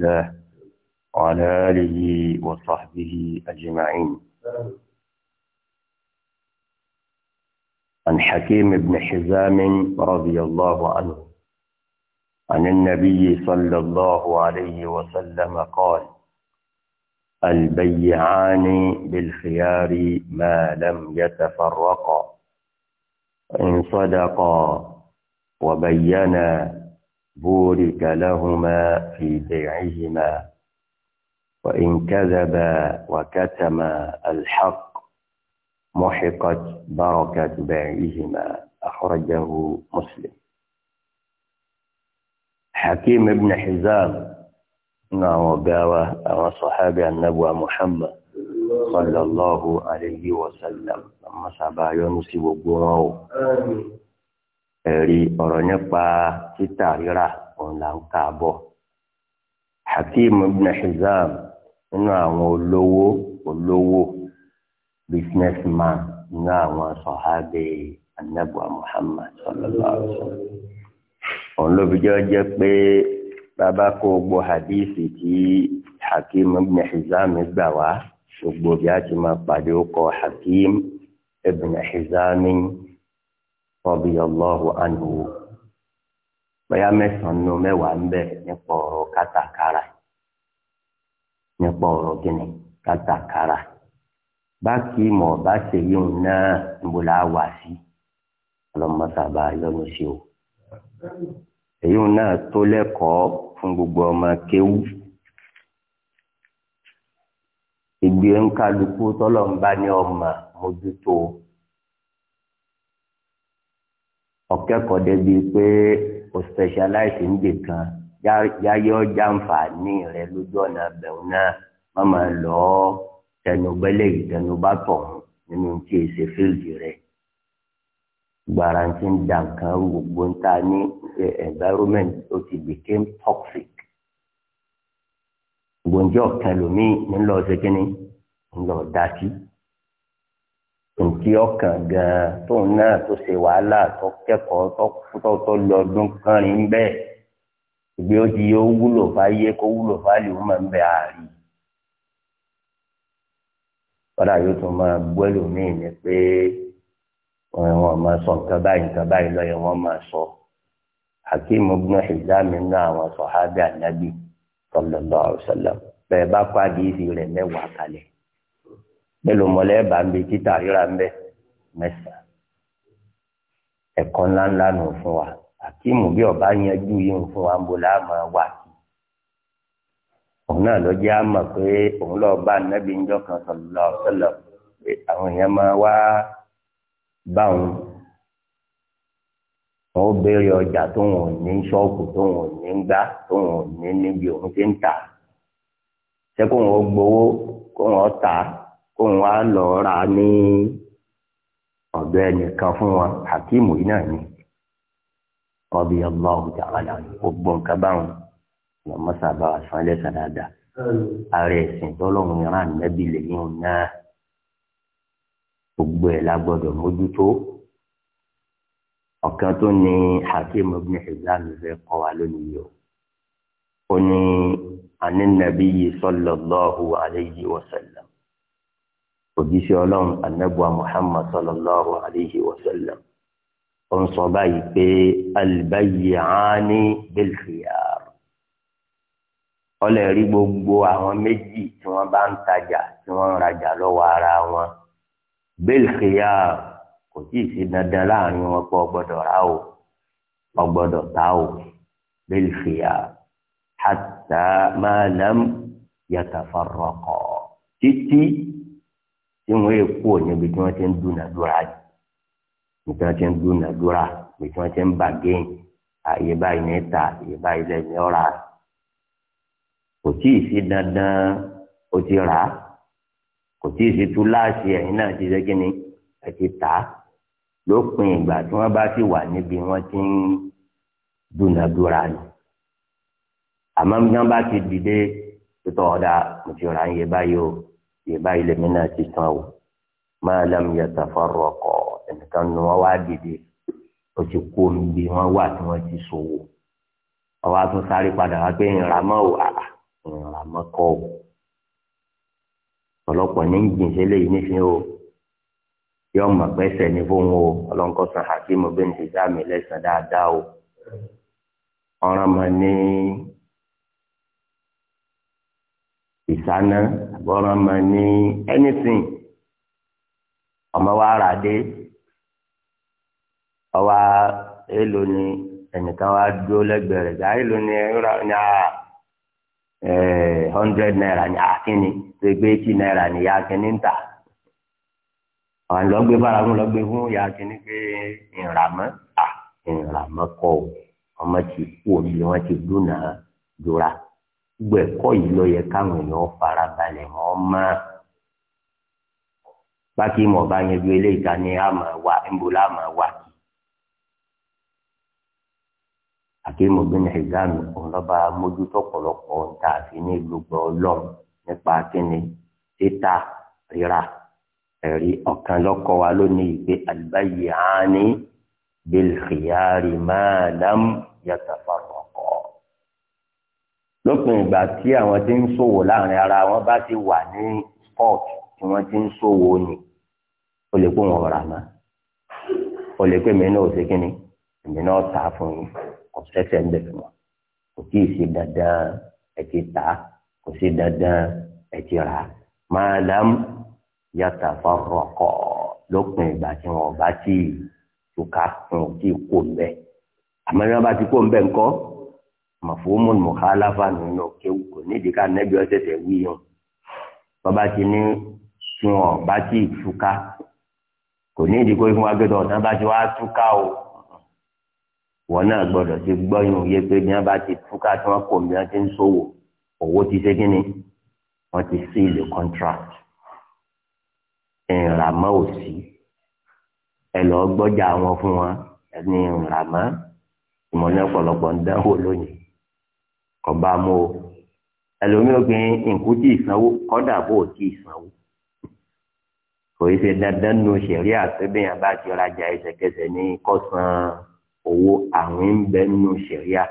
الله وعلى آله وصحبه أجمعين عن حكيم بن حزام رضي الله عنه عن النبي صلى الله عليه وسلم قال البيعان بالخيار ما لم يتفرقا إن صدقا وبينا بورك لهما في بيعهما وإن كذبا وكتما الحق محقت بركة بيعهما أخرجه مسلم حكيم بن حزام نعم وقاوة وصحابي النبوة محمد صلى الله عليه وسلم لما سبا يونس بقراه ẹ̀rí ọ̀rọ̀ nípa títà rírà òun là bọ̀. Hakim ibn Hizam nínú àwọn olówó olówó businessman nínú àwọn sọ̀hábì anabu Muhammad sallallahu alaihi wa sallam. òun ló fi jẹ́ jẹ́ pé bàbá kó gbọ́ hadithi tí Hakim ibn Hizam gbà wá gbogbo bí a ti máa pàdé ó kọ Hakim ibn Hizam. radiyallahu anhu bóyá mẹ́sàn-án nù mẹ́wàá ń bẹ̀ nípa ọ̀rọ̀ kátàkárà nípa ọ̀rọ̀ gíní kátàkárà kí mọ̀ bá ṣe yíwọ̀n náà níbo la wà sí ọlọ́mọsábà yọnu sí o èyí náà tó lẹ́kọ̀ọ́ fún gbogbo ọmọ kéwú ìgbé tọ́lọ́mbá ní ọmọ mójútó ọ̀kẹ́kọ̀ọ́ débi pé o specialize níbi kan yáyé ọjà nfààní rẹ lójú ọ̀nà bẹ̀rù náà má máa lọ tẹnugbẹ́lẹ̀ yìí tẹnubá tọ̀hún nínú tí e ṣe fíìlì rẹ gbaranti ń da nǹkan gbogbo ń ta ní environment ó ti became toxic gbòǹjẹ́ ọ̀kan lómi ńlọ ṣe kínní ńlọ dátí tòkí ọkàn gan tóun náà tó ṣe wàhálà tó kẹ́kọ̀ọ́ tó tó lọ ọdún kánrin bẹ́ẹ̀ ìgbé ó ti yẹ ó wúlò fáyé kó wúlò fáyé ó máa ń bẹ àárí kọ́dà yóò tún máa bú ẹlòmíì ni pé wọn máa sọ nǹkan báyìí nǹkan báyìí lọ́yẹ̀ wọ́n máa sọ Hakim ibn Hizam nínú àwọn sọ̀hábẹ́ ànábì sallallahu alaihi bẹ́ẹ̀ bá kọ́ àdìsí rẹ̀ mẹ́wàá kalẹ̀ mélòó mọ́lẹ́ bá ń bi títà ríra ń bẹ́ mẹ́sàn ẹ̀kọ́ ńláńlá nù fún wa àkíìmù bí ọba yanjú yìí fún wa ń bo láàmú wa kí òun náà ló jẹ́ àmọ̀ pé òun lọ́ọ́ bá nẹ́bí ńjọ́ kan sallallahu alaihi pé àwọn èèyàn máa wá bá òun wọn béèrè ọjà tóun ò ní ṣọ́ọ̀kù tóun ò ní gbá tóun ò ní níbi òun ti ń tà ṣé kóun ó gbowó kóun ó tà á kóun wá lọ ra ní ọ̀dọ̀ ẹnìkan fún wọn hakeem yìí náà ni ọbí ọlọ́run tí àwọn àlàyé gbogbo nǹkan báwọn lọ́mọ sábà san lẹ́sàn dáadáa ààrẹ ẹ̀sìn tọ́lọ́run yàrá nẹ́bí lẹ́yìn náà gbogbo ẹ̀ la gbọ́dọ̀ mójútó ọ̀kan tó ní hakeem ibn hizam fẹ́ kọ́ wa lónìí o ó ní anínàbí yìí sallallahu alayhi wa sallam òjíṣẹ́ ọlọ́run anábùa muhammad sallallahu alayhi wa sallam ó ń sọ báyìí pé albayyi'ani bilkhiyar ọlẹ́ rí gbogbo àwọn méjì tí wọ́n bá ń tajà tí wọ́n ń rajà lọ́wọ́ ara wọn bilkhiyar kò tí ì sí dandan láàrin wọn pé ọgbọ́dọ̀ rà o ọgbọ́dọ̀ tà o bilkhiyar hatta ma lam yatafarraqa títí tí wọn yẹ kú ọ níbi tí wọn ti ń dúnadúrà níbi tí wọn ti ń dúnadúrà níbi tí wọn ti ń bàgẹ́yìn àyè báyìí ní ta àyè báyìí lẹ́yìn ọ̀ra kò tí ì sí dandan o ti rà á kò tí ì sí tú láàṣì ẹ̀yìn náà ti ṣe kíni ẹ ti tà á lópin ìgbà tí wọn bá sì wà níbi wọn ti ń dúnadúrà ni àmọ́ bí bá ti dìde tó tọ́ ọ̀dà mo ti rà ń yẹ báyìí o ìbá ilẹ̀ mi náà ti tán o máa lam yatafarraqa ẹnìkan nu wọn wá dìde ó ti kó omi bí wọn wà tí wọn ti ṣòwò ọwọ́ àtún sáré padà wá pé ìrànmọ́ ò àà ìrànmọ́ kọ́ ò ọ̀pọ̀lọpọ̀ ní jìn sílẹ̀ yìí o yọ mọ̀ pẹ́sẹ̀ ní fóun o ọlọ́nkọ́sán hakeem obìnrin ti dá mi lẹ́sàn dáadáa o ọ̀ràn mọ̀ ní. ìsáná àbọ̀ràn mọ̀ ní anything ọmọ wa rà dé ọwọ́ èèlò ni ẹnìkan wa dúró lẹ́gbẹ̀ẹ́ rẹ̀ gbà èèlò ni ẹ̀rọ ni a hundred naira ni akínni tó gbé eighty naira ni ya kínní ń tà àwọn ya kínní pé kọ́ ọmọ ti kú omi wọn gbẹ̀kọ́ yìí ló yẹ káwọn èèyàn farabalẹ̀ wọn mọ́ bákì mọ̀ bá yanjú eléyìí ta ni a máa wá ńbọ̀lá máa wá kí. àkéèmọ̀ bínú ìgbàanù òun lọ́ba mójútó ọ̀pọ̀lọpọ̀ tá a fi ní gbogbo ọlọ́run nípa kíni títà rírà ẹ̀rí ọ̀kan lọ́kọ̀ wa lónìí pé àlùbáyé àání bíl khiyari máa lam yàtàfà lópin ìgbà tí àwọn tí ń ṣòwò láàrin ara wọn bá ti wà ní sport tí wọ́n ti ń ṣòwò ni o lè pé wọn rà má o lè pé mi náà ò sí kínní èmi náà tà á fún yín ọ̀sẹ̀sẹ̀ ń bẹ̀ fún wọn kò tí ì ṣe dandan ẹ ti tà kò sí dandan ẹ ti rà máa dám yàtà fọ́rọ̀kọ̀ lópin ìgbà tí wọn bá ti túká wọn ò tí ń bẹ àmọ́ ní wọn bá ti kó ń bẹ ńkọ́ mọ̀fóòmù mọ̀kálàfà nínú kéwù kò nídìí ká nẹ́bí ọ̀sẹ̀sẹ̀ wí yàn bàbá ti ní tí wọn bá ti túká kò nídìí kó fún wa gbẹdọ̀ ọ̀tá bá ti wá túká o wọn náà gbọ́dọ̀ ti gbọ́yìn òye pé bí wọn bá ti túká tí wọn kò bí ti ń ṣòwò owó ti ṣe kíni wọn ti seal the contract ìrànmọ́ òsì ẹ lọ gbọ́jà wọn fún wọn ẹni ìrànmọ́ ìmọ̀lẹ́ ọ̀pọ̀lọpọ̀ ń dánwò lónìí kọba mú o ẹlòmíràn pé nkú tí ìsanwó kọ́dà bò tí ìsanwó kò í ṣe dandan nu sẹ̀rí àtẹ́bẹ̀yìn abá ti rajà ẹsẹ̀kẹsẹ̀ ní kọ́sán owó àwìn ń bẹ nu sẹ̀rí à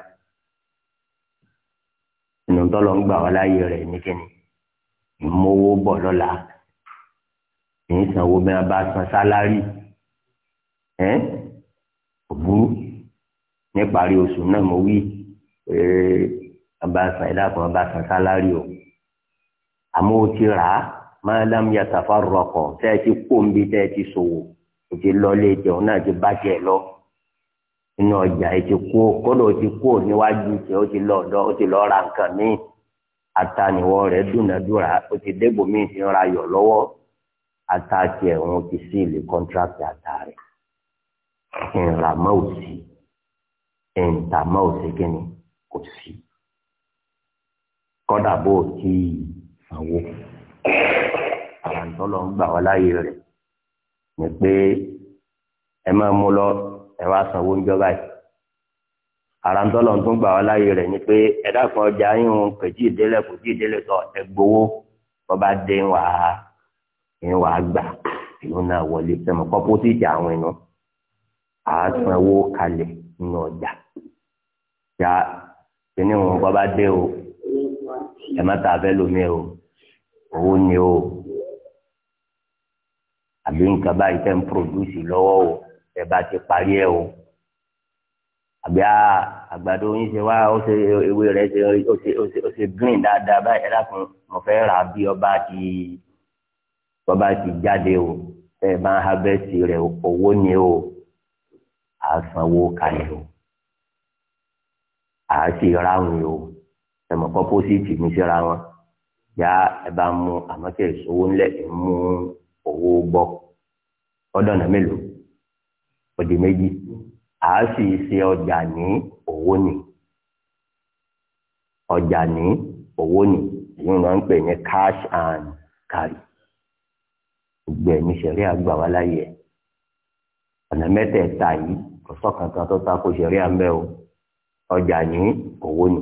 ìnùtọ́lọ́ ń gbà wá láyé rẹ̀ níkẹ́ni ìmówó bọ̀ lọ́la ní ìsanwó bí wọn bá san sálárì ẹ òbúrú níparí oṣù náà mo wí ee ọba san ẹ̀dá kan ọba san sálárì o àmọ́ o ti rà á máa dám yàtọ̀ fárọkọ̀ tẹ́ ẹ ti kó ń bí tẹ́ ẹ ti ṣòwò o ti lọ lé jẹun náà ti bàjẹ́ lọ inú ọjà ẹ ti kó kódà o ti kó níwájú tẹ o ti lọ ọ̀dọ̀ o ti lọ ra nǹkan míì ataniwọ rẹ dúnadúrà o ti débò míì ti ń ra yọ lọ́wọ́ ataaki ẹ̀wọ̀n ti sí ilé kọ́ńtrákì àtàrí ìrànlámọ́ òsì ìntàmọ́ òsì kínní kò sí kọ́dà bó o ti sanwó àwọn ìtọ́lọ ń gbà wá láàyè rẹ̀ ni pé ẹ máa mú lọ ẹ wá sanwó ń jọba yìí ara ń tọ́lọ̀ tó gbà wá láàyè rẹ̀ ni pé ẹ dákun ọjà yín òun kò tí kò tí ì délẹ̀ ẹ gbowó bọ́ba dé ń wà á ń wà á gbà ìlú náà wọlé sẹ́mu kọ́pọ́ sí ìjà àwọn ẹnu à á sanwó kalẹ̀ nínú ọjà ya kí ni òun dé o ẹ má ta abẹ́ lómi o owó ni o àbí nǹkan báyìí tẹ́ ń pòdúsì lọ́wọ́ o ẹ bá ti parí ẹ o àbí àgbàdo yín ṣe wá ó ṣe ewé rẹ̀ ṣe ó ṣe ó ṣe ó ṣe green dáadáa báyìí ẹ dákun mo fẹ́ rà bí ọba ti ọba ti jáde o ẹ bá ń habẹ́sì rẹ̀ owó ni o àsanwó kalẹ̀ o àá sì ráhùn o ẹmọ kọpọsíìtì ní síra wọn yá ẹ bá mú àmọkẹ ìṣòwò ńlẹ ẹ mú owó bọ ọdọọnà mélòó òdì méjì à á sì ṣe ọjà ní owó ni ọjà ní owó ni èyí ni wọn ń pè ní cash and carry gbogbo ẹ̀ ní sẹ̀rí àgbà wá láyé ẹ̀ ọ̀nà mẹ́tẹ̀ẹ̀ta yìí kò sọ́kàn kan tó ta kó sẹ̀rí àmbẹ́ o ọjà ní owó ni.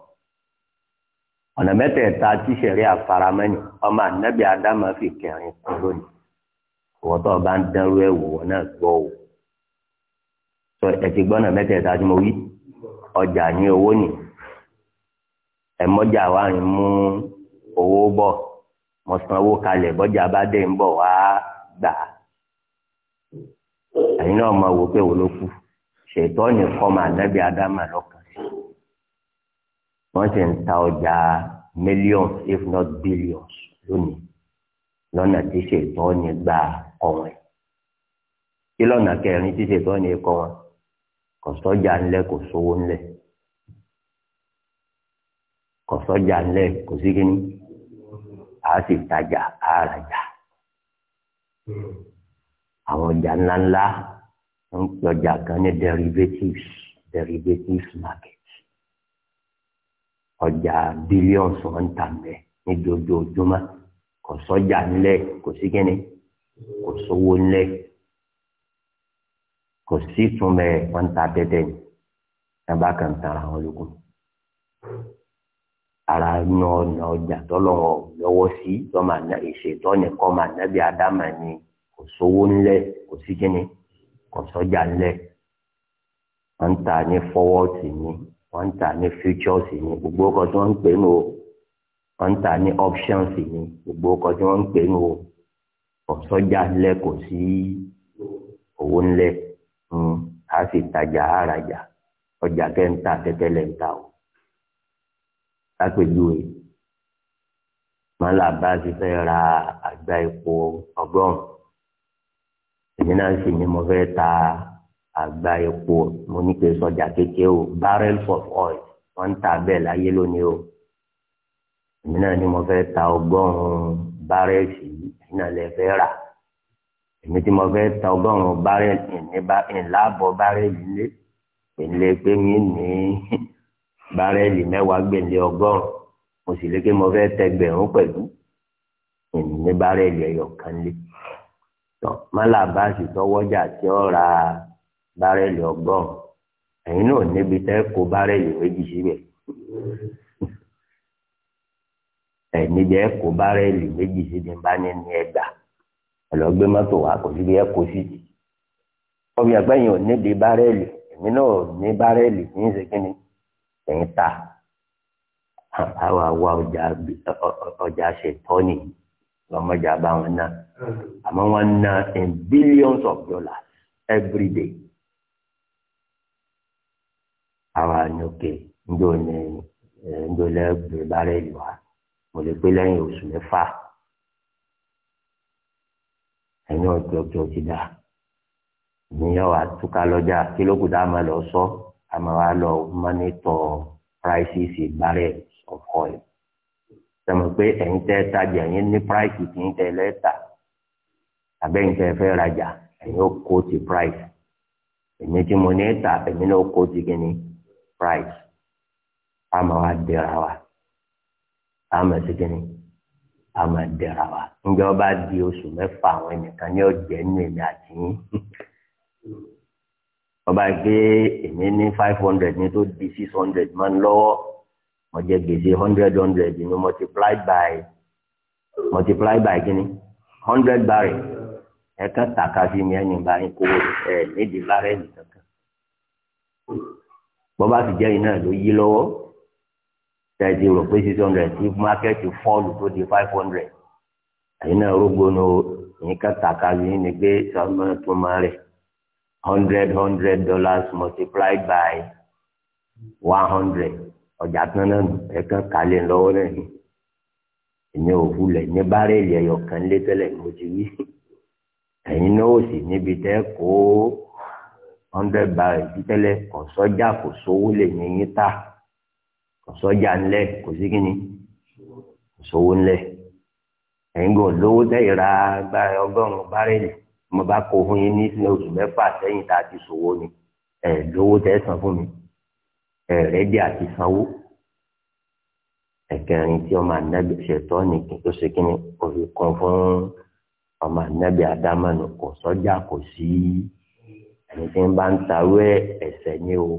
ọ̀nà mẹ́tẹ̀ẹ̀ta tí sẹ̀rí àfaramẹ́ni ọmọ ànábì ádámà fi kẹrin kún lónìí ọwọ́ tó ọba ń dánrú wọn náà gbọ́ o sọ ẹ ti gbọ́ ọ̀nà mẹ́tẹ̀ẹ̀ta tí mo wí ọjà ní owó nì ẹ̀mọ́jà wa ń mú owó bọ̀ mo san owó kalẹ̀ bọ́jà bá dé ń bọ̀ wọ́n sì ń ta ọjà millions if not billions lónìí lọ́nà tí ṣètò ní gbà kọ́ wọn kí lọ́nà kẹrin tí ṣètò ní kọ́ wọn kò sọ́jà ńlẹ̀ kò sówó ńlẹ̀ kò sọ́jà ńlẹ̀ kò sí kíní a sì tajà a rajà àwọn ọjà ńláńlá ń pè ọjà kan ní derivatives derivatives market ọjà bílíọ̀nù wọn tà mẹ́ ní dojoojúmọ́ kò sọ́jà ńlẹ̀ kò sí kíni kò sówó ńlẹ̀ kò sí túnbẹ̀ wọn ta tẹ́tẹ́ ní ẹ bá kàn tara wọn lókun ara yan ọ̀nà ọjà tọ́lọ́wọ́ lọ́wọ́ sí lọ́mọ àná ìṣètò nìkan ọmọ ànábì ádámà ni kò sówó ńlẹ̀ kò sí kíni kò sọ́jà ńlẹ̀ wọ́n ń ta ní ní wọ́n ń tà ní futures ní gbogbo ọkọ̀ tí wọ́n ń pè ní o wọ́n ń tà ní options ní gbogbo ọkọ̀ tí wọ́n ń pè ní o ọ̀sọ́jà lẹ kò sí owó ńlẹ̀ hmm, a sì tajà àràjà ọjà kẹ́ńtà tẹ́tẹ́lẹ̀ ń ta o lápèjúwe mọ́là bá ti fẹ́ ra àgbá epo ọgọ́rùn-ún èmi náà sì ni mo fẹ́ ta àgbá epo mo ní pé sọjà kékeré o barrel of oil wọ́n ń ta bẹ́ẹ̀ láyé lónìí o èmi náà ni mo fẹ́ ta ọgọ́rùn-ún bárẹ́ẹ̀sì yìí iná lè fẹ́ rà èmi tí mo fẹ́ ta ọgọ́rùn-ún bárẹ́ẹ̀sì ńláàbọ̀ bárẹ́ẹ̀lì lé pèlè pé mi ní bárẹ́ẹ̀lì mẹ́wàá gbèlè ọgọ́rùn-ún mo sì lé pé mo fẹ́ tẹgbẹ̀rún pẹ̀lú èmi ní bárẹ́ẹ̀lì ẹ̀yọ̀ kan lé bá sì tọwọ́jà tí ó ra. bárẹ́lì ọgọ́rùn ẹ̀yin náà níbi tẹ́ kó bárẹ́lì méjì síbẹ̀ níbi jẹ́ kó bárẹ́lì méjì síbi bá ní ní ẹgbà ẹ̀lọ́gbé mọ́tò wa kò síbi ẹ̀ kó sí ọbẹ̀ àgbẹ̀yìn ò níbi bárẹ́lì èmi náà ní bárẹ́lì ní ẹ̀yin ta àwa ọjà lọ́mọdé àbáwọn náà àmọ́ ná in billions of dollars every day. àwọn àyànkè ńjọ ní ńjọ lẹ́gbẹ̀ẹ́ bárẹ́lì wa mo lè pé lẹ́yìn oṣù mẹ́fà ẹ̀yìn ọ̀tí ọ̀tí ọ̀tí dà ìyẹn wà túká lọ́jà kí ló kù dá máa lọ sọ a máa wá lọ mọ́nítọ̀ prices barrel of oil sọmọ pé ẹ̀yin tẹ́ tajà ẹ̀yin ní price kì í tẹ́ lẹ́tà àbẹ́yìn tẹ́ fẹ́ rajà ẹ̀yin ó kó ti price èmi tí mo ní tà èmi náà ó kó ti kí price a máa wá dẹ̀ra wa a máa ṣe kí ni a máa dẹ̀ra wa ǹjẹ́ ọba di oṣù mẹ́fà àwọn ẹnìkan ní ọ̀jẹ̀ nínú èmi àti yín ọba gbé èmi ní five hundred ni tó di six hundred man ń lọ́wọ́ mo jẹ gbèsè hundred hundred ni multiplied by multiplied by kí hundred barrel ẹ̀ka tàka sí mi ẹ̀yìn bá ń kó ẹ̀ nídìí barrel kankan bọ́bá ti jẹ́ iná ló yí lọ́wọ́ tẹ̀sí rò pé six hundred tí mákẹ́tì fọ́ọ̀lù tó di five hundred àyìn náà rúgbónú ní kàtàkà yìí ni pé sọ́mọ́ tó máa rẹ̀ hundred hundred dollars multiplied by one hundred ọjà tán náà ẹ̀kan kálẹ̀ lọ́wọ́ náà ni ìyẹn ò wulẹ̀ ní bárẹ̀lì ẹ̀yọ̀kan lé tẹ́lẹ̀ mo ti wí ẹ̀yin náà ó sì níbi tẹ́ kó o hundred barrel títẹ́lẹ̀ kò sọ́jà kò sówó lè ní yín ta kò sọ́jà ńlẹ̀ kò sí kíni kò sówó ńlẹ̀ ẹ̀yin gan lówó tẹ̀yìn ra gbára ọgọ́rùn-ún bárẹ̀lì mo bá kó fún yín ní oṣù mẹ́fà sẹ́yìn tá a ti sòwò ni ẹ̀ lówó tẹ̀ san fún mi ẹ̀ rẹ́dí àti sanwó ẹ̀kẹrin tí ọmọ ànábì ṣètọ́ ni kí n tó ṣe kí ni òfin kan fún ọmọ ànábì àdámánu kò sọ́jà kò sí. Si ẹni tí ń bá ń tarú ẹ ẹsẹ̀ ní o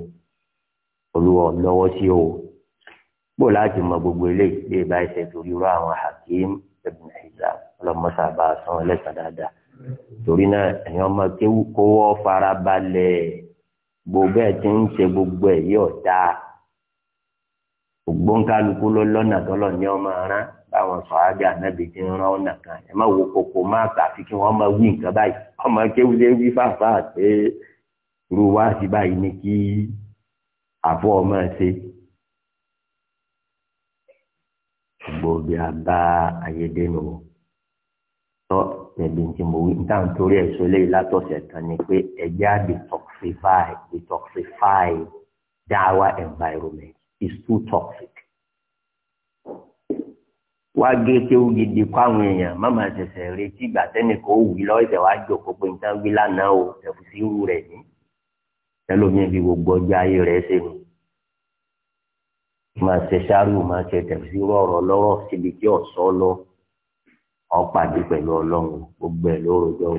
olúwa lọ́wọ́ sí o gbọ́ láti mọ gbogbo eléyìí bí ìbá ẹsẹ̀ torí irú àwọn hakim ibn hizam ọlọmọsà bá a san ẹlẹ́sàn dáadáa torí náà ẹ̀yin ọmọ kéwù kówó farabalẹ̀ gbogbo ẹ̀ ti ń ṣe gbogbo ẹ̀ yóò dáa ògbóǹkálukú lọ́nà tọ́lọ̀ ní ọmọ rán báwọn sọ̀hábì ànábì ti ń rán ọ̀nà kan ẹ má wo koko má tàfi kí wọ́n máa wí nǹkan báyìí ọmọ kéwúlé wí fàfà pé irú wá sí báyìí ni kí àfọ ọmọ ṣe. gbòógì àbá ayédènú tọ́ tẹ̀lé tí mo wí níta nítorí ẹ̀sọ́ lé látọ̀sẹ̀ kan ni pé ẹ̀jẹ̀ á detoxify detoxify dáwà environment is too toxic wá gé tẹ́wù gidi kó àwọn èèyàn má máa ṣẹ̀ṣẹ̀ retí ìgbà tẹ́nìkan ó wí lọ́wọ́ ìṣẹ̀ wá jò kó pé nǹkan wí lánàá o ẹ̀fù sí irú rẹ̀ ní ẹlòmíín fi gbogbo ọjọ́ ayé rẹ̀ ṣe nù máa ṣe ṣáàrù máa ṣe tẹ̀sí rọ̀rọ̀ lọ́rọ̀ síbi tí ọ̀sọ́ lọ ọ̀pàdé pẹ̀lú ọlọ́run gbogbo ẹ̀ ló rojọ́ o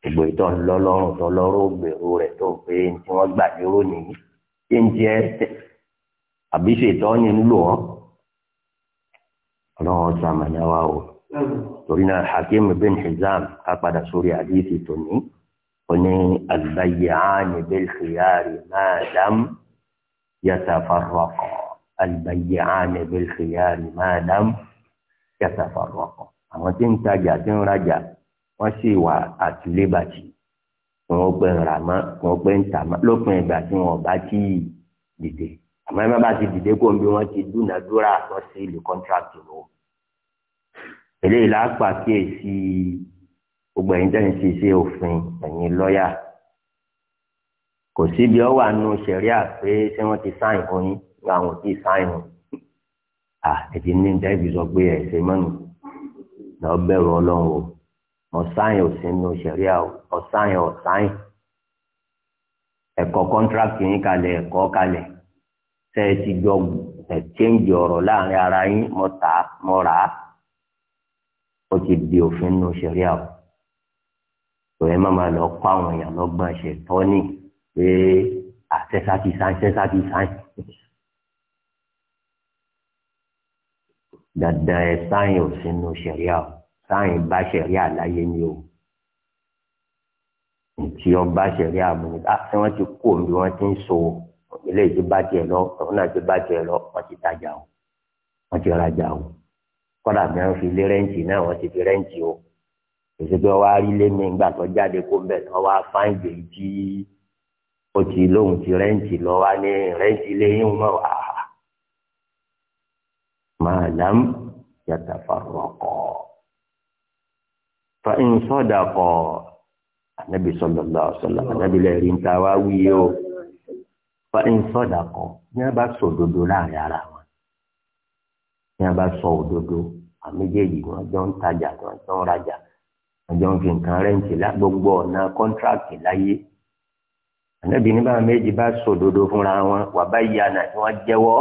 gbogbo ìtọ́ lọ́lọ́run tó lọ́rọ̀ gbèrú rẹ̀ tó pé tí wọ́n gbà nìyí tí ń jẹ́ àbí ṣètọ́ ọlọ́run ṣàmàlà wa o torí náà hakim bin hizam ká padà sórí àdìsí tòní oní albayyani bil khiyari máa dám yatafarraqa albayyani bil khiyari máa dám yatafarraqa àwọn tí ń tajà tí ń rajà wọ́n sì wà àtìlébàtì wọ́n pè ń rà mọ́ pè ń tà lópin ìgbà tí wọ́n bá tí ì dìde àmọ́ ẹ má bàa ti dìde kó n bí wọ́n ti dúnadúrà wọ́n sí ìlú kọ́ńtrákì lọ. eléyìí lápá kíyèsí gbogbo ẹ̀yin tẹ̀yìn sí iṣẹ́ òfin ẹ̀yin lọ́ọ̀yà kò síbi ọ wà nù sẹ̀ríà pé ṣé wọ́n ti sáìn fún yín nígbà wọn ò tí ì sáìn fún à ẹ̀dín ní dẹ́bí sọ pé ẹ̀ ṣe mọ́nu lọ bẹ̀rù ọlọ́run o mọ sáìn ò sí nù sẹ̀ríà ọ sáìn ẹ̀kọ́ kọ́ńtrákì yín kalẹ̀ ẹ̀kọ́ kalẹ̀ tẹ́ ẹ ti jọ ẹ̀chẹ́ǹjì ọ̀rọ̀ láàrin ara yín mo tà mo rà á ó ti di òfin nù ṣẹ̀ríà o tòun ẹ má máa lọ kó àwọn èèyàn lọ́gbọ́n ṣe tọ́ni pé àṣẹ́sá ti sáyìn ṣẹ́sá ti sáyìn dandan ẹ sáyìn òfin nù ṣẹ̀ríà o sáyìn bá ṣẹ̀ríà láyé ni o ntí ọba ṣẹ̀ríà mú ni bá ti kó omi wọ́n ti ń so eléyìí ti bá tiẹ̀ lọ ọ̀hún náà ti bá tiẹ̀ lọ wọ́n ti tajà o wọ́n ti rajà o kọ́dà bí wọ́n fi lé rẹ́ǹtì náà wọ́n ti fi rẹ́ǹtì o èsì pé wọ́n á rí lé mi ńgbà tó jáde kó bẹ̀ náà wọ́n á fáìn gbé tí ó ti lóhùn ti rẹ́ǹtì lọ wá ní rẹ́ǹtì lẹ́yìn mọ́ wá máa lám yàtà farọ́kọ̀ fa ń sọ́dà kọ́ ànábì sallallahu alaihi wasallam ànábì lẹ́rìí ń ta wá wíyé o ń sọ̀dà kọ́ ní wọ́n bá sọ òdodo láàrin ara wọn ní wọ́n bá sọ òdodo àméjèèjì wọ́n jọ ń tajà wọ́n jọ ń rajà wọ́n jọ ń fi nǹkan rẹ́ǹtì gbogbo ọ̀nà kọ́ńtrákì láyé ànábì ní báwọn méjì bá sọ òdodo fúnra wọn wà bá yànà tí wọ́n jẹ́wọ́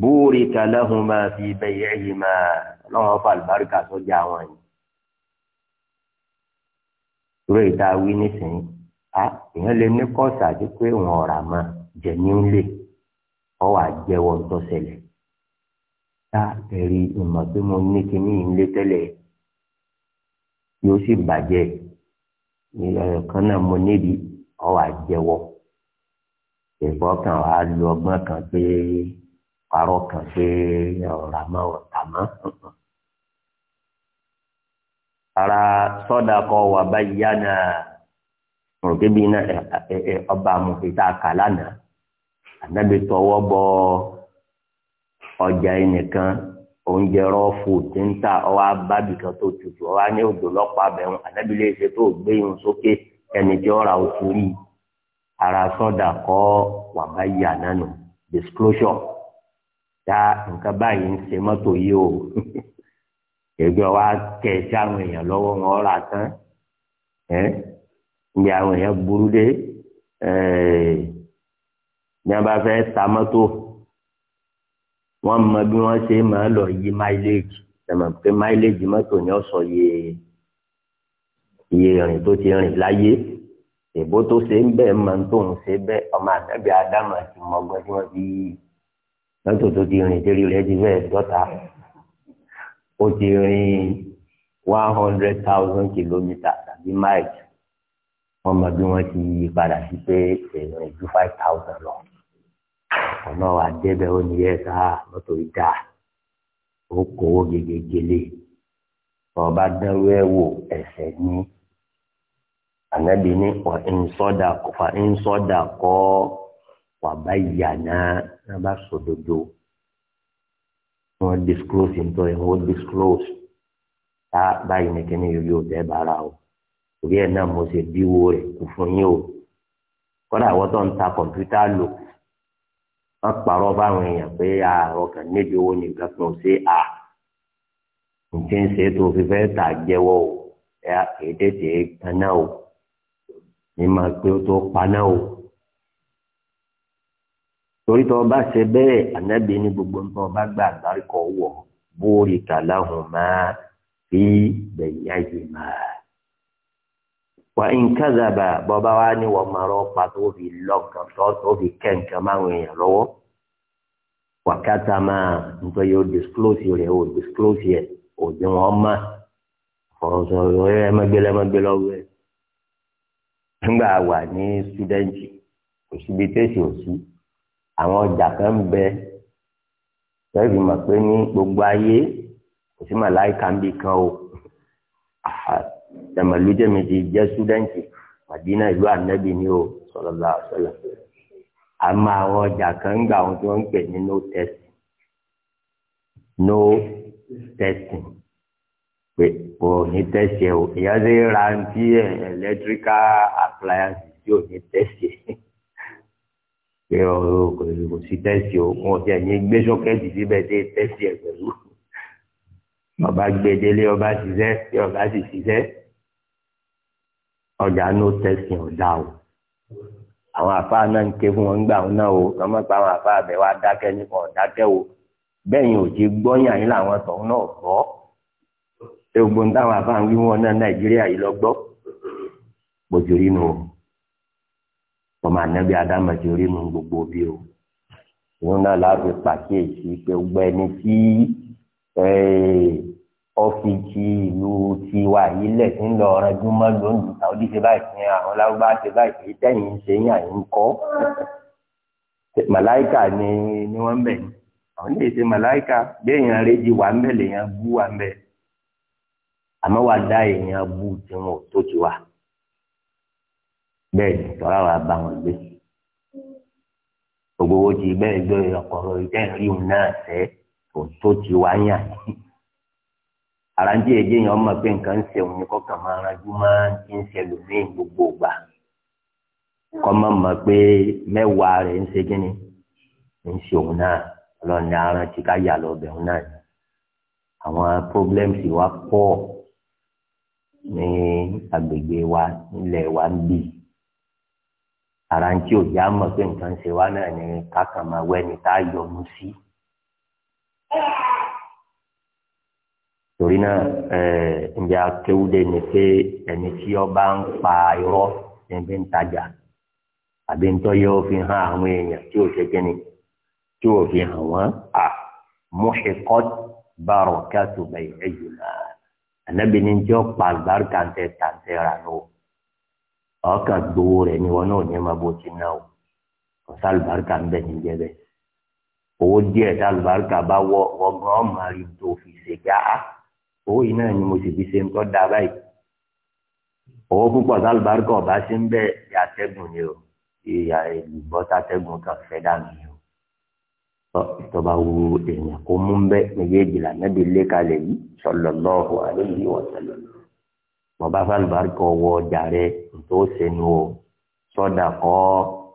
búrì kàlẹ́hùn máa fi bẹ̀yẹ̀ yìí máa lọ́wọ́ fà lùbáríkà sọ́jà wọn yìí. ìró ìta wí nísìnyí a èèyàn lè ní kọ́ọ̀sì àti pé òun ọ̀rà máa. jẹ̀níńlẹ̀ ọwọ́ àjẹwọ́ ntọ́sẹ̀lẹ̀ tá ẹ̀rí ìmọ̀ pé mo ní kíní ìlé tẹ́lẹ̀ yóò sì bàjẹ́ kan náà mo níbi ọwọ́ àjẹwọ́ ìfọ́ kan wà á lo ọgbọ́n kan pé parọ́ kan pé ọ̀rọ̀ àmọ́ ọ̀tà mọ́ ara sọ́dà kọ́ wà báyìí ọba ànábi tọwọ́ bọ ọjà ẹnìkan oúnjẹ rọ́ọ̀fù tí ń ta ọwọ́ abábì kan tó tutù ọwọ́ ní odò lọ́pàá bẹ̀rùn ànábi lè ṣe tó gbé irun sókè ẹni tí ó ra oṣù rí ara sọ́dà kọ́ wàbáyà disclosure ta nǹkan báyìí ń o ẹgbẹ́ wa kẹ̀ sí àwọn èèyàn lọ́wọ́ wọn tán ń ní a bá fẹ́ ta mọ́tò wọ́n mọ bí wọ́n ṣe máa lọ yí mileage ẹ̀mọ̀ pé mileage mọ́tò ni ó sọ iye iye ìrìn tó ti rìn láyé èbó tó ṣe ń bẹ́ẹ̀ mọ tó ń ṣe bẹ́ẹ̀ ọmọ àtẹ́bí ádámù àti mọ́gbọ́n tí wọ́n fi mọ́tò tó ti rìn dérí rẹ̀ ti fẹ́ẹ̀ dọ́ta ó ti rìn one hundred thousand kilometre tàbí miles wọ́n mọ bí wọ́n ti yí padà sí pé èrìn ju five thousand lọ ọlọ́wà débẹ̀ ó ní yẹ sáà lọ́tò ìdá ó kówó gegegele ọba dẹrú ẹ wò ẹsẹ ní ànábì ní ọ nsọdà kọ nsọdà kọ wà bá yà náà náà bá sòdodo wọn disclose nítorí wọn disclose tá báyìí ní kíní yóò yóò tẹ bára o torí ẹ náà mo ṣe bíwó rẹ kú fún yín o kọ́dà àwọn tó ń ta kọ̀ǹpútà lò wọn pààrọ̀ báwọn èèyàn pé àrò kan níbi owó nìkan kan ṣe à nǹkan ṣe tó fi fẹ́ tà jẹ́wọ́ o ẹ àkédèdè kaná o ní máa pé ó tó paná o torí tó bá ṣe bẹ́ẹ̀ ànábì ní gbogbo nǹkan ọba gba àgbáríkọ̀ wọ̀ bóòrì kàláhùn máa fi bẹ̀yà yìí máa wà nkàzàbà bọba wa ni wọn máa rọ pa tó fi lọ nǹkan tó tó fi kẹ nǹkan máa ń yàn lọ́wọ́ wàkàtà máa nítorí yóò disclose rẹ o disclose yẹ òdi wọn mọ ọ̀rọ̀ sọ̀rọ̀ ẹ mẹgbẹlẹ mẹgbẹlẹ ọwọ́ ẹ nígbà wà ní sídẹǹtì òsibítẹ́sì òsì àwọn ọjà kan bẹ sẹ́ẹ̀fì mọ̀ pé ní gbogbo ayé òsì màláìka ń bì kan o Jamaluja mi ti jẹ́ súdẹ́ǹtì Madina ìlú ànábì ni o sallallahu alaihi wasallam. àmọ́ àwọn ọjà kan ń gbà wọn tí wọ́n ń no test, no testing pé o ní tẹ́sí ẹ o ìyá ṣe ra ti eh, electrical appliances tí o ní tẹ́sí pé o kò sí tẹ́sí o wọn ò tiẹ̀ ní gbé sọ́kẹ́tì síbẹ̀ tí tẹ́sí ẹ pẹ̀lú ọba gbẹdẹlé ọba ṣiṣẹ́ ọba sì ṣiṣẹ́ ọjà no testing ọ̀dà o àwọn àfáà náà ń ké fún wọn gbà wọn náà o kàmá pa àwọn àfáà bẹ̀ wá dákẹ́ nípa ọ̀dákẹ́ o bẹ́ẹ̀ yìí ò ti gbọ́yìn àyín làwọn tọ̀hún náà gbọ́ egbon táwọn àfáà ń wí wọn náà nàìjíríà yìí lọ gbọ́ bójú rí nu o ọmọ ànábì adámọ̀ ti rí nu gbogbo bí o ìwọn náà láti pàkíyèsí pé gbẹ́ni tí ẹ̀ẹ́ ọ́fíìsì ìlú tiwa yìí lẹ̀ tí ń lọ ọ̀rọ̀ ẹgbẹ́mọ́ lónìí Saudi ṣe báyìí fún yà àwọn lárúbá ṣe báyìí èyí tẹ̀yìn ṣe yín àyè ń màláìkà ni ni wọ́n ń bẹ̀ yín àwọn lè ṣe màláìkà bí èèyàn rédi wà ń bẹ̀ lèèyàn bú wà ń bẹ̀ àmọ́ wà dá èèyàn bú tiwọn ò tó ti wà ni tọ́lá wa bá wọn gbé gbogbo owó ti bẹ́ẹ̀ gbé ọkọ̀ ìtẹ́rìí náà sẹ́ kò tó ti yàn yìí àràǹjẹ èdè yẹn ọmọ pé nǹkan ń ṣe òun kọ́ kàn máa ranjú máa ń ṣe lòmíì gbogbo ìgbà kọ́ mọ̀ mọ̀ pé mẹ́wàá rẹ̀ ń ṣe kíni ń ṣe òun náà ọlọ́ni arántí ká yà lọ bẹ̀rù náà ni àwọn problems wa pọ̀ ní agbègbè wa nílẹ̀ wa ń bì àràǹjẹ òjá mọ̀ pé nǹkan ń wa náà ni kákan máa wẹ́ni tá a yọnu sí torí náà eh, ǹjẹ́ akéwúdé ni pé ẹni tí ọba ń pa irọ́ ẹni ń tajà àbí ntọ́ yóò fi hàn àwọn èèyàn tí ò ṣe kíni tí ò fi hàn wọ́n à muhiqat barakatu bay'ina ànábì ní jọ́ pa àlùbáríkà ń tẹ rà ní ọkàn gbowó rẹ̀ ni wọn náà ní ma bó ti náà o kò ń bẹ̀ níjẹ́ bẹ́ẹ̀ owó díẹ̀ tí bá wọ ọgbọ́n ọmọ àrídò fi ṣègbà á owó yìí náà ni mo sì fi ṣe nǹkan dá báyìí owó púpọ̀ sálùbáríkà ọ̀bá ṣe ń bẹ̀ ya tẹ́gùn ni o ìyá ìbọ́tà tẹ́gùn kan fẹ́ dànù ni o ìtọ́ba wu èèyàn kó mú bẹ́ méjèèjì lànàbí lé kalẹ̀ yìí sallallahu alaihi wa sallam bọ́bá sálùbáríkà ọwọ́ ọjà rẹ tó ṣẹnu o sọ́dà kọ́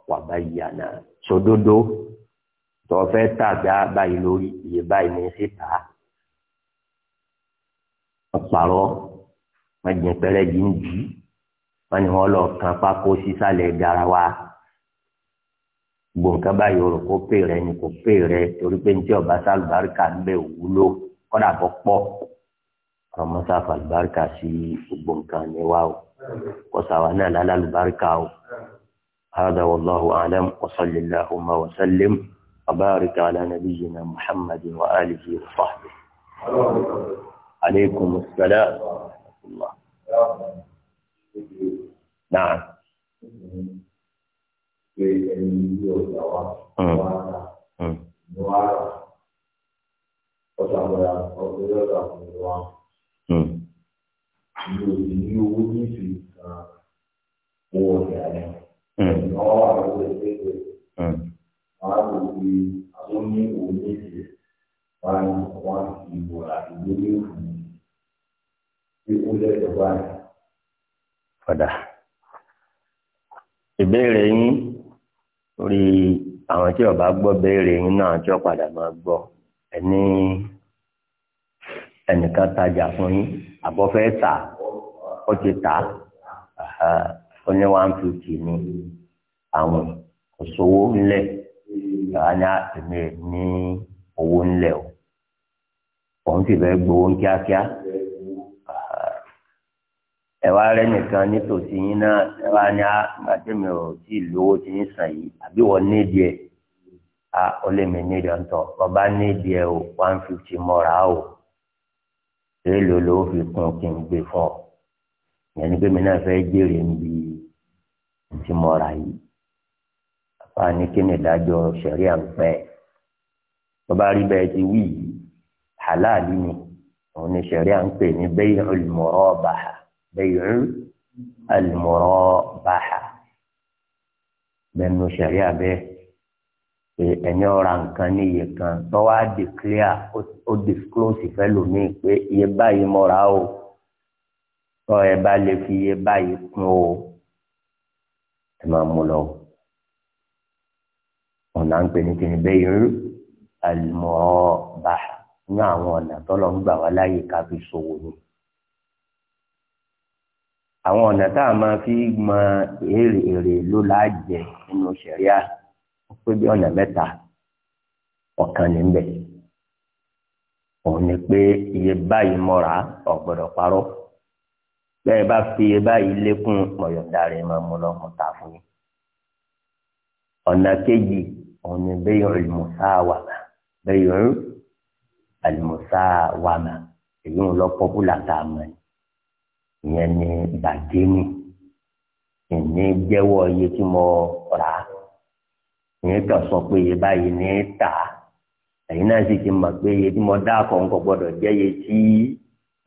wàbá ìyànà sódódó tọ́fẹ́ tàbí àbáyé lórí iye báyìí ní síta ọ̀pàrọ̀ mẹ́jìn pẹ́rẹ́ yìí ń jí wọ́n ní wọ́n lọ kan pákó sísàlẹ̀ garawa gbòǹkan báyìí o rò kó pè rẹ ni kò pè rẹ torí pé ní tí ọba sálùbáríkà ń bẹ òwúlò kọ́dà bọ́ pọ̀ ọmọọsá fàlùbáríkà sí gbogbo nǹkan ní wa o kọsàwà náà lálàlùbáríkà o هذا والله أعلم وصلى اللهم وسلم وبارك على نبينا محمد وآله وصحبه عليكم السلام ورحمة الله نعم Mm ìkúlẹ̀ ìjọba ni. padà ìbéèrè yín lórí àwọn tí ọba gbọ́ béèrè yín náà tí ó padà máa gbọ́ ẹni ẹnìkan tajà fún yín àbọ̀ fẹ́ tà ó ti tà ó ní one fifty ní àwọn òṣòwò ńlẹ̀ yàrá ní àtìmí ní owó ńlẹ̀ o òun sì fẹ́ gbowó kíákíá ẹ̀wá rẹ nìkan nítòsí yín náà ẹ̀wá ni a ah, gbàdémi ò tí ì lówó ti ń sàn yìí àbí wọ́n nídìí ẹ̀ a ah, ó lè mi nídìí ọ̀ ń tọ̀ bàbá nídìí ẹ̀ o one fifty mọ́ra o èèlò ló fi kún kí n gbé fún ọ ìyẹn ni pé mi náà fẹ́ jèrè níbi tí mọ́ra yìí àfa ní kí ni ìdájọ́ sẹ̀rí à ń pẹ́ bàbá rí bẹ́ẹ̀ ti wí yìí halali ni òun ni sẹ̀rí à ń pè ní bay'ul murabaha bẹ̀yọ̀ àlùmọ̀rọ̀ bàhà bẹ́ẹ̀nu sẹ̀ríà bẹ́ẹ̀ ẹ̀yìn ọ̀ra nǹkan ní iye kan tó wá declare ó disclose fẹ́ lómìn pé iye báyìí mọ́ra o tọ́ ẹ bá lè fi iye báyìí kún o ẹ máa mú lọ ọ̀nà ń pè ní kíni bẹ́ẹ̀ yẹn àlùmọ̀ọ́ ní àwọn ọ̀nà tọ́lọ́ ń gbà wá láyè ká fi ṣòwò ni àwọn ọ̀nà tá a máa fi mọ èrè èrè ló láàjẹ nínú ṣẹ̀ríà ó pé bí ọ̀nà mẹ́ta ọ̀kan níbẹ̀ òun ni pé iye báyìí mọ́ra ọ̀gbọ́dọ̀ parọ́ bẹ́ẹ̀ bá fi iye báyìí lékún mọ̀yọ̀dá rẹ̀ máa mú lọ mọ̀ ta fún yín ọ̀nà kejì òun ni bẹ́ẹ̀ al-musawama bẹ́ẹ̀ al-musawama èyí ń lọ pọ́pùlà tá a mọ̀ ní ìyẹn ní bàdéni ìní jẹ́wọ́ iye tí mo rà á ìyẹn kà sọ pé iye báyìí ní tà á ẹ̀yin náà sì ti mọ̀ pé iye tí mo dá akọ̀ ńkọ gbọ́dọ̀ jẹ́ iye tí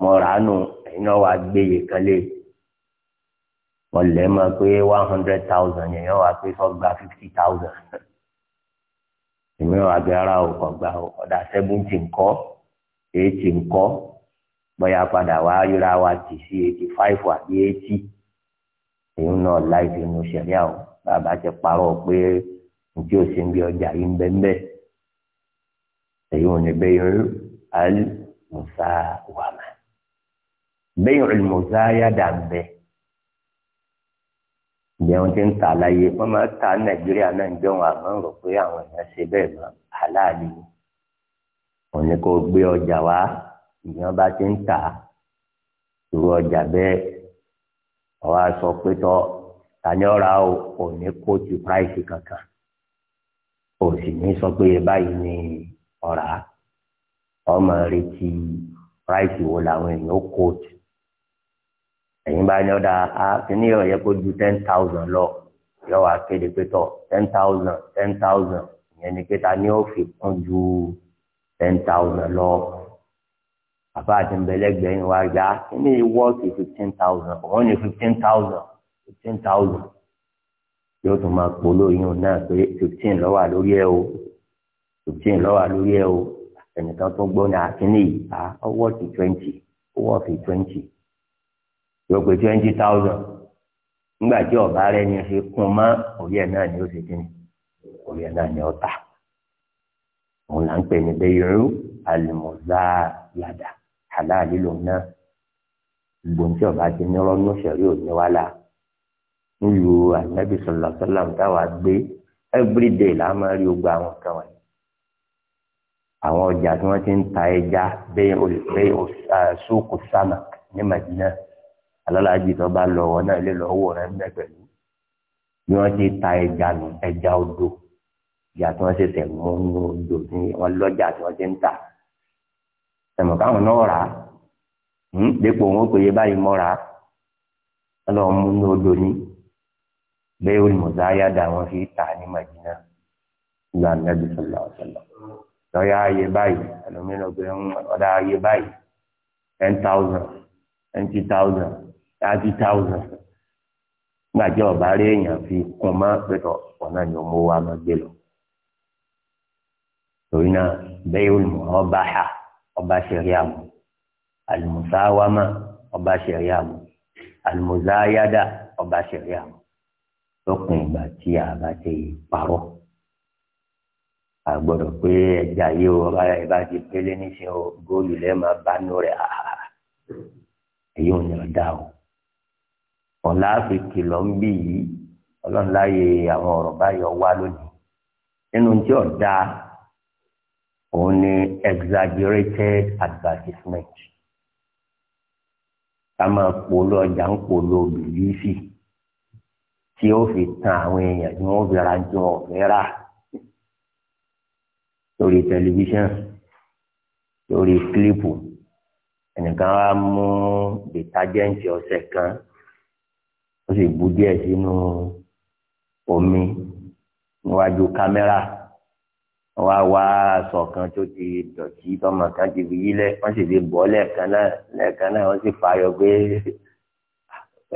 mo rà á nù ẹ̀yin náà wàá gbé iye kan lé mo lẹ́ mọ̀ pé one hundred thousand yẹn wàá pé sọ́gbà fifty thousand èmi wàá gbé ara ọkọ̀ gba ọ̀dà seventy ńkọ́ eighty ńkọ́ bóyá padà wá ríra wa tì sí eighty five àbí eighty èyí náà láìsí inú sẹ̀ríà o bàbá ti parọ́ pé ntí o ṣe ń bí ọjà yìí ń èyí ò ní bẹ́ẹ̀ alimusa wàmà bẹ́ẹ̀ alimusa yàdà ń bẹ́ ìjẹun ti ń ta láyé wọ́n máa ta nàìjíríà náà jẹun àmọ́ rò pé àwọn èèyàn ṣe bẹ́ẹ̀ mọ́ aláàbí òní kò gbé ọjà wá ìyẹn bá ti ń tà á irú ọjà bẹ́ẹ̀ ọwọ́ aṣọ pétọ́ tani ọ̀ra ò ní kó ti price kankan o sì ní sọ pé báyìí ni ọ̀ra ọmọ retí price wo làwọn èèyàn ó kó tì ẹ̀yin bá ní ọ̀dà á kíní ọ̀yẹ́ kó ju ten thousand lọ yọ wá kéde pétọ́ ten thousand ten thousand ìyẹn ni pé ta fi kún ju ten thousand lọ àbá àti nbẹlẹgbẹ yín wá gbà kíní wọ́ọ̀kì fifteen thousand òun ní fifteen thousand fifteen thousand yóò tún máa polówó yín náà pé fifteen lọ́wọ́ lórí ẹ̀ o fifteen lọ́wọ́ lórí ẹ̀ o ẹnìkan tó gbọ́ ní àkíní yìí á ọwọ́ twenty owó twenty yóò pé twenty thousand nígbà tí ọba rẹ ní ṣe kún mọ́ òye náà ni ó ṣe kíni òye náà ni ó tà òun là ń pè ní bẹ́yìrú àlùmọ́zá yàdá halali lòun náà gbòǹtì ọba ti nírọ́ ní òṣèré òní wá la nílùú ànábì sọlọ sọlọ táwa gbé everyday là á máa rí ogbó àwọn kan wọ̀nyí àwọn ọjà tí wọ́n ti ń ta ẹja bẹ́ẹ̀ bẹ́ẹ̀ sóòkù sámà ní Madina alálàájì tó bá lọ wọn náà lè lọ wọ rẹ ńbẹ pẹ̀lú bí wọ́n ti ta ẹja nù ẹja odò ìyá tí wọ́n ṣẹ̀ṣẹ̀ mú nù odò ní wọn lọ́jà tí wọ́n ti ń ta ẹ̀mọ̀ káwọn náà rà á hmm? dépò wọn ó pèyè báyìí mọ́ra ọlọ́run mú ní odò ní bẹ́ẹ̀ olùmọ̀sáyàdà wọn fi tà ní màjínà ìlú ànábì sọlá ọ̀sọ̀lá lọ́yà ayé báyìí ẹlòmíràn pé hmm, ọ̀dà ayé báyìí ten thousand twenty thousand thirty thousand gbàjẹ́ ọ̀bá rí èèyàn fi kún mọ́ pẹ̀tọ̀ ọ̀nà ni ọmọ wa máa gbé lọ. torí náà bẹ́ẹ̀ olùmọ̀ ọ́ bá a ọba ṣẹ̀ríà mu alimusawama ọba ṣẹ̀ríà mu alimuzayada ọba ṣẹ̀ríà mu lópin ìgbà tí a bá ti parọ́ a gbọ́dọ̀ pé ẹja yìí o ọba ẹ bá ti pélé níṣẹ́ o góòlù lẹ́ẹ̀ma bánú rẹ̀ àhà èyí ò ní ọ̀dà o ọ̀la fi kìlọ̀ ń bì yìí ọlọ́run láàyè àwọn ọ̀rọ̀ báyọ̀ wá lónìí nínú tí ọ̀dà òun ni exaggerated advertisement ká máa polo ọjà ń polo bìlífì tí ó fi tan àwọn èèyàn tí wọ́n fi ra jọ ọ̀fẹ́ rà lórí tẹlifíṣàn lórí kílípù ẹnìkan á mú dìtájẹ́ǹtì ọṣẹ kan ó sì bu díẹ̀ sínú omi níwájú kámẹ́rà wọ́n wá wá aṣọ tó ti dọ̀tí tọmọ kan ti fi yílẹ̀ wọ́n sì fi bọ́ lẹ́ẹ̀kan náà lẹ́ẹ̀kan náà wọ́n sì fààyọ pé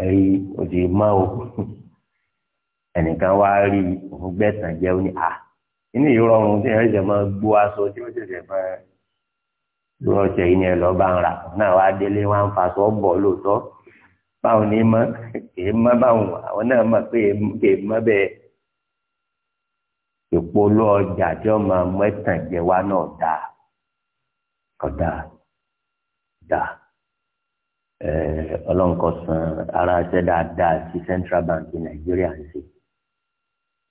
ẹ̀yìn òdì mọ́ o ẹnìkan wá rí òun gbẹ̀tàn jẹ́ ó ní à inú ìrọ̀rùn tí ẹ̀rọ ìṣẹ̀ máa gbó aṣọ tí ó ṣẹ̀ṣẹ̀ máa lọ́ọ́ ṣe yìí ẹ̀ lọ́ọ́ bá ń rà náà wá délé wá ń faṣọ bọ̀ lóòótọ́ báwọn ní mọ́ kèé mọ́ báwọn àwọn náà mọ̀ pé kèé mọ́ bẹ́ẹ̀ ìpolówó ọjà tí wọ́n máa mú ẹ̀tàn jẹ wá náà dá ọ̀dà dá ọlọ́nkọ̀sán ara ṣẹ́ dáadáa sí Central Bank Nàìjíríà ń ṣe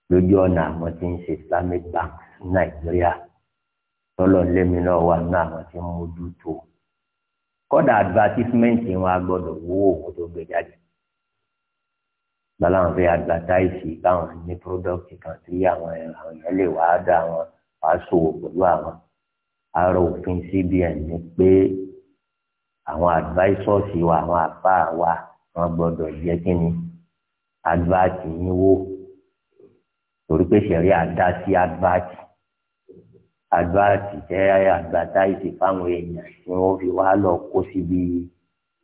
lójú ọ̀nà àwọn tí ń ṣe Islamic Bank Nàìjíríà tọ́lọ̀ lẹ́mi náà wà ní àwọn tí ń mójú tó kọ́dà advertisement wọn a gbọ́dọ̀ wó òkú tó gbé jáde lọ́láwọn fẹ́ advertise káwọn ní product kan tí àwọn èèyàn lè wá dá àwọn wá ṣòwò pẹ̀lú àwọn ara òfin CBN ni pé àwọn advisors wa àwọn àpá wa wọn gbọ́dọ̀ jẹ́ kí ni advert yín wò torí pé sẹ̀rí àdá sí advert advert jẹ́ advertise fáwọn èèyàn tí wọ́n fi wá lọ kó síbi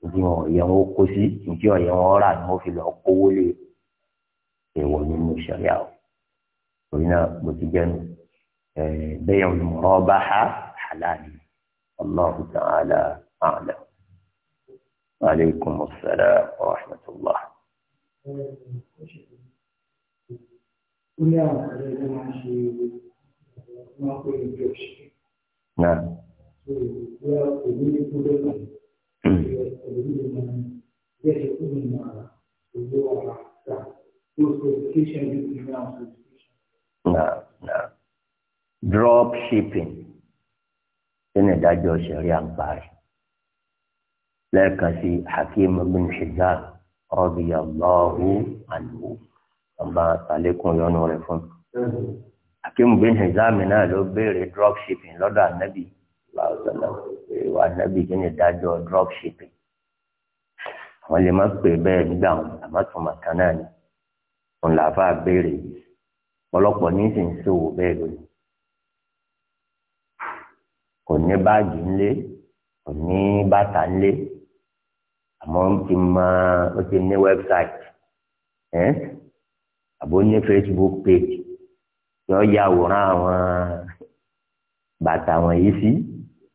ìdíwọ̀n ọ̀yẹ́ wọn kó sí ìdí ọ̀yẹ́ wọn rà ni wọ́n fi lọ kówó lé هو منه الشريعة وهنا متجن آه، بيع المرابحة حلال الله تعالى أعلم عليكم السلام ورحمة الله نعم hmm. those qualifications Drop shipping. Sínú ìdájọ́ ṣẹ̀rí àǹparí. Lẹ́ẹ̀kan sí Hakim bin Hizam radiyallahu anhu. Ọba àlékún yọnu rẹ̀ fún. Hakim bin Hizam náà ló béèrè drop shipping lọ́dọ̀ ànábì. Ìwà ànábì kí ni ìdájọ́ drop shipping? Wọ́n lè má pè bẹ́ẹ̀ nígbà wọn, kan náà ni ńláfà béèrè ọ̀pọ̀lọpọ̀ ní sì ń ṣòwò bẹ́ẹ̀ lónìí kò ní báàgì ńlé kò ní bàtà ńlé àmọ́ ń ti mọ ó ti ní wẹ́bsáìtì ẹ́ àbó ní Facebook page yọ ya àwòrán àwọn bàtà wọn yìí sí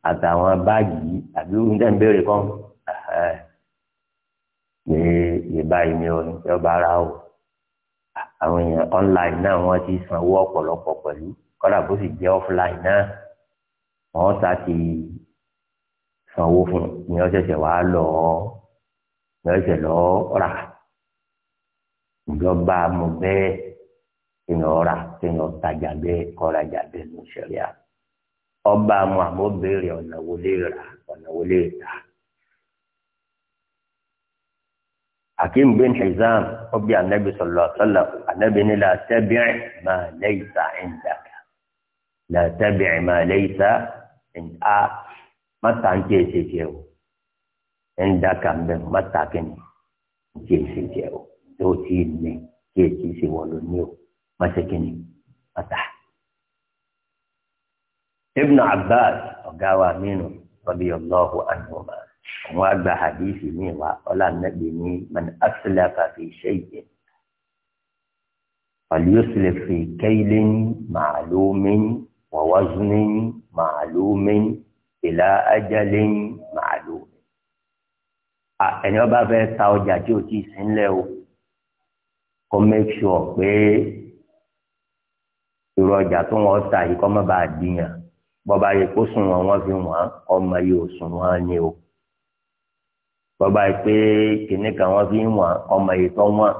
àtàwọn báàgì yìí àbí orí dẹ́n béèrè kan ẹ̀ ẹ̀ yé báyìí ni ó ń tẹ́ ọ bá ra o àwọn èèyàn online náà wọ́n ti sanwó ọ̀pọ̀lọpọ̀ pẹ̀lú kọ́dà bó sì jẹ́ offline náà wọ́n ta ti sanwó fún ni wọ́n ṣẹ̀ṣẹ̀ wá lọ ni wọ́n ṣẹ̀ṣẹ̀ lọ rà ìjọba mo bẹ́ẹ̀ kéèyàn rà kéèyàn tajà bẹ́ẹ̀ kọ́rajà bẹ́ẹ̀ ló ṣẹlẹ̀ ọba mo àmọ́ béèrè ọ̀nà wo lè rà ọ̀nà wo lè tà. hakim bin hizam ọbi anabi sallallahu alaihi wasallam anabi ni la tabi' ma laysa indaka la tabi' ma laysa indaka mata n tí èsì jẹ o indaka mbẹ mata kini n tí èsì jẹ o tí o ti ní tí èsì sì wọlé ní o mata kini mata. ibn abbas ọ̀gá wa aminu radiyallahu anhuma àwọn àgbà hadithi mi wá ọlá nàbì ní man aslafa fi shay'in falyuslif fi kaylin ma'lumin wa waznin ma'lumin ila ajalin ma'lumin. ẹni ọba fẹ́ ta ọjà tí o ti sínlẹ̀ o kó make sure pé irú ọjà tó wọ́n ta yìí kó má bàa dìyàn bọ́ba yẹ kó sùn wọn wọ́n fi wọ́n ọmọ yìí ò sùn wọn ni o bọ́ba yìí pé kìnnì kan wọ́n fi ń wọ̀n ọmọ yìí tọ́ wọ́n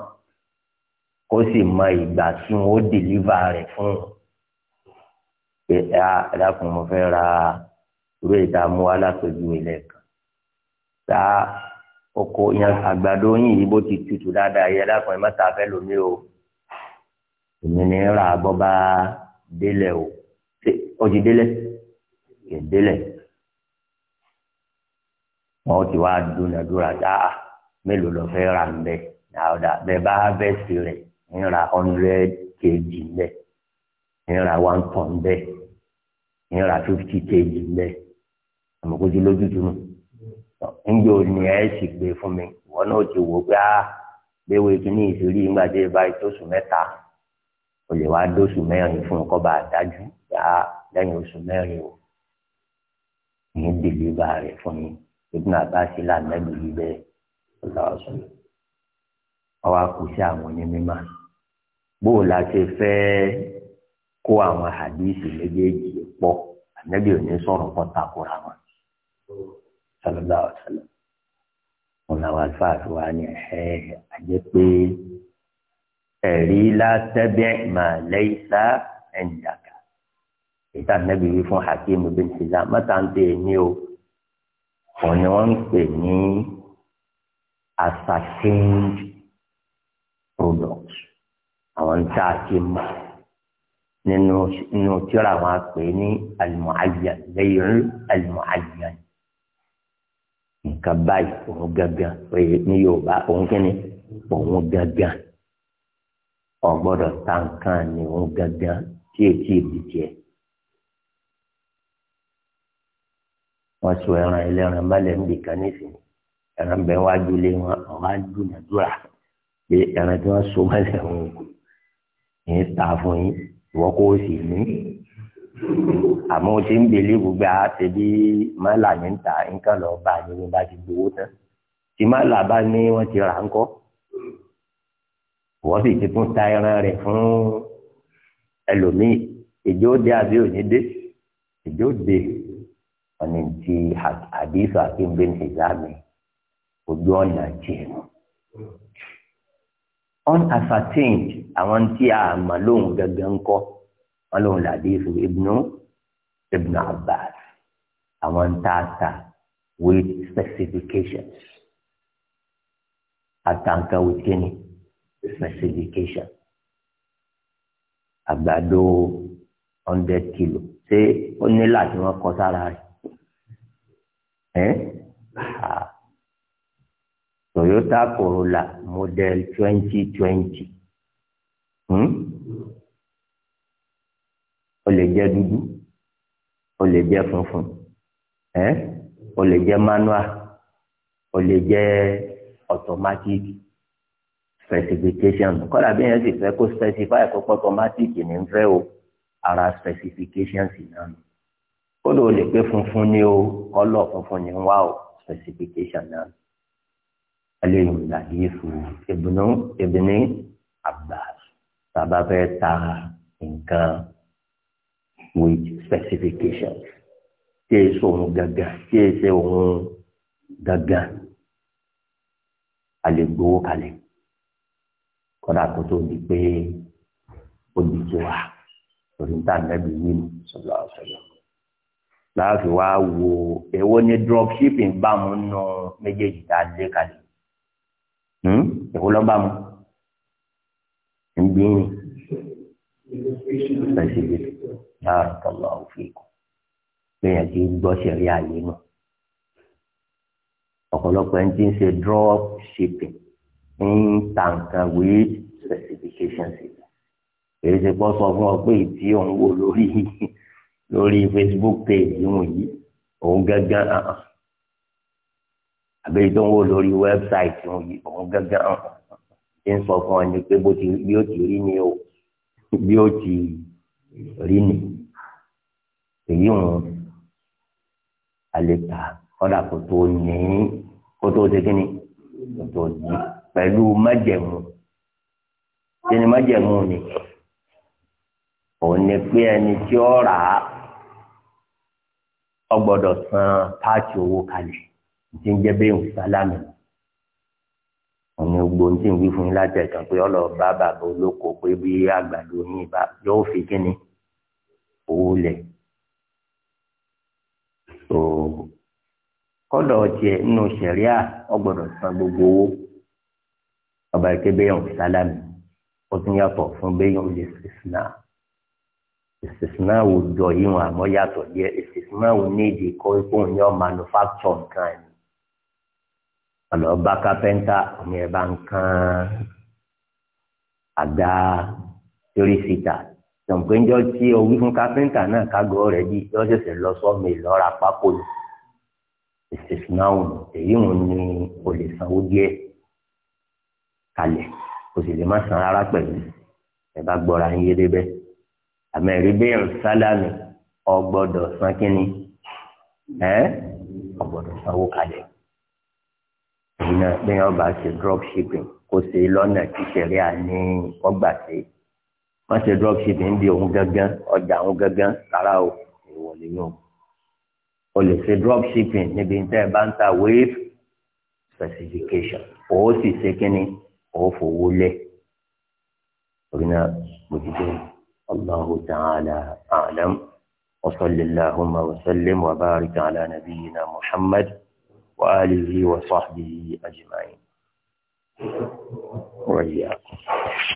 kó sì mọ ìgbà tí wọ́n ó dìlíva rẹ̀ fún un pé ẹ dákun mo fẹ́ ra irú ìdààmú alápèjú ilẹ̀ kan tá oko àgbàdo yín yìí bó ti tutù dáadáa yẹ dákun ẹ má ta lómi o èmi ní ra bọ́ba délẹ̀ o ó ti délẹ̀ kì í délẹ̀ wọn ti wá dúnadúrà dáa ah, mélòó lọ fẹ́ rà ń bẹ dáadáa bẹ́ẹ̀ bá bẹ́ẹ̀sì rẹ̀ ń ra hundred kg ń bẹ ń ra one ton ń bẹ ń ra fifty kg ń bẹ àmọ̀kójú lójútùmù ńjọ ni ẹ sì gbé fún mi wọn náà ti wò pé ah léwé kíní ìṣèlú ìgbà tí ìbá ìtòsùn mẹ́ta o lè wá dóṣù mẹ́rin fún ọkọ bá dájú yá ah, lẹ́yìn oṣù mẹ́rin o ní dìlíbà rẹ̀ fún yín ibùdó àbáṣe lànàbí yìí bẹ́ẹ̀ ọlọ́ọ̀sùn ọwọ́ kù sí àwọn onímọ̀ bó la ṣe fẹ́ kó àwọn hadisi méjèèjì pọ̀ ànábì òní sọ̀rọ̀ pọ̀ takora wọn sọlọ́dà ọ̀sọ̀lọ́ wọn làwọn àlùfáàfin wa ni ẹ̀ àjẹ́ pé ẹ̀rí látẹ́bẹ̀ máa laysa indaka ìta ànábì wí fún Hakim bin Hizam mọ́tà ń tẹ̀ ní o òun ni wọ́n ń pè ní ascertained products àwọn ń tá a ti mọ̀ nínú nínú tíra wọn a pè ní alimuhayyan lẹ́yìn alimuhayyan nǹkan báyìí òun gángan ní Yorùbá òun kíni òun gángan ọgbọ́dọ̀ ta nǹkan ni òun gángan tí etí ìbí wọ́n so ẹran ẹlẹ́ran mọ́lẹ̀ níbi kan nísìnyí ẹran bẹ́ẹ̀ wá dúlé wọn àwọn adúnàdúrà pé ẹran tí wọ́n so mọ́lẹ̀ wọn kò ní ta fún yín ìwọ kó o sì ní àmọ́ o ti ń bèlè gbogbo àti bí mọ́là ní ta nǹkan lọ́ọ́ bá a ní wọ́n bá ti gbowó tán tí mọ́là bá ní wọ́n ti rà ń kọ́ wọ́n sì ti tún ta ẹran rẹ̀ fún ẹlòmíì ìjó dé àbí òní dé ìjó dé wọn ni ti hadith akim bin hizami ojú ọ̀nà tiẹ̀ nù unascertained àwọn tí a mọ̀ lóhùn gẹ́gẹ́ ń kọ́ wọn lóhùn hadith ibnu ibnu abbas àwọn tá a ta with specifications àtàǹkà with kíni specification àgbàdo hundred kilo ṣé ó ní láti wọn kọ sára rẹ̀ ẹ́ Toyota Corolla model twenty twenty ó hmm? lè jẹ́ dúdú ó lè jẹ́ funfun ẹ́ ó lè jẹ́ manual ó lè jẹ́ automatic specification kọ́lá bí yẹn sì fẹ́ kó specify kó pọ́ automatic ní fẹ́ o ara specification sì náà kódò lè pé funfun ni o kọ́lọ̀ funfun ni wá o specification náà eléyìí ń dàbí fún ìbùnú ìbùnú Abbas tàbá fẹ́ ta nǹkan with specifications tí è so òun gangan tí è ṣe òun gangan a lè gbowó kalẹ̀ kọ́dà kó tó di pé ó di tiwa torí ń tà nẹ́bí yìí sọ̀rọ̀ sọ̀rọ̀ láàfi wá wo èwo ni dropshipping bá mu nù méjèèjì tá a lé kalẹ̀ hmm? èwo ló bá mu ń bí ní pẹ̀sìlẹ̀ dáhùn tọ́lọ̀ òfin kù lẹ́yìn tí gbọ́ sẹ̀rí ààyè nù ọ̀pọ̀lọpọ̀ ẹni tí ń ṣe dropshipping ń ta nǹkan with specifications èyí ti pọ́ sọ fún ọ pé ìdí òun wò lórí yìí. lórí facebook page wọn yìí òun gángan hàn àbẹ́yẹ tó ń wò lórí website wọn yìí òun gángan hàn ṣe ń sọ fún ọ ní pé bó ti bí ó ti rí ni o bí ó ti rí ni èyí òun àlèkà kọ́dà kó tó ní kó tó ṣe kí ni kó tó ní pẹ̀lú májẹ̀mú kí ni májẹ̀mú ni òun ni pé ẹni tí ó rà á ó gbọ́dọ̀ san páàkì owó kalẹ̀ tí ń jẹ́ bẹ́ẹ̀ sálámì òní gbogbo tí ń wí fún yín láti ẹ̀kan pé ọlọ́ bá bàbá olóko pé bí àgbàdo yín bá yóò fi kíni owó lẹ̀ tó kọ́dọ̀ nínú sẹ̀ríà ó san gbogbo owó ọba ìké bẹ́ẹ̀ sálámì ó tún yàtọ̀ fún bẹ́ẹ̀ yóò lè fi sinà ìsìsìmáwò jọ yìí wọn àmọ́ yàtọ̀ díẹ̀ ìsìsìmáwò nídìí kọ́ ipò ní ọ manufacture nǹkan ẹ̀ ọ̀nà ọba kápẹ́ńtà ọ̀nà ẹ̀ bá ń kan àga torí síta tọ̀npéjọ́ tí o wí fún kápẹ́ńtà náà kágọ́ rẹ̀ di yọ ṣẹ̀ṣẹ̀ lọ sọ́mi lọ́ra pákó ni ìsìsìmáwò èyí wọn ni o lè sanwó díẹ̀ kalẹ̀ o sì lè má san rárá pẹ̀lú ẹ̀ bá gbọ́ra ń yé débẹ̀ àmẹ̀ríbíyàn sálámì ọgbọ́dọ̀ san kínní ẹ́ ọgbọ́dọ̀ sanwó kalẹ̀ ìnà bẹ́ẹ̀ ọba ṣe drop shipping kò sí lọ́nà tíṣẹ̀rí àní ọgbà sí wọ́n ṣe drop shipping di òun gángan ọjà òun gángan rárá o ìwọlé yóò o lè ṣe drop níbi tẹ́ ẹ bá ń ta wave specification o sì ṣe kínní o fowó lẹ̀ ìnà gbòdìdó. الله تعالى أعلم وصل اللهم وسلم وبارك على نبينا محمد وآله وصحبه أجمعين وإياكم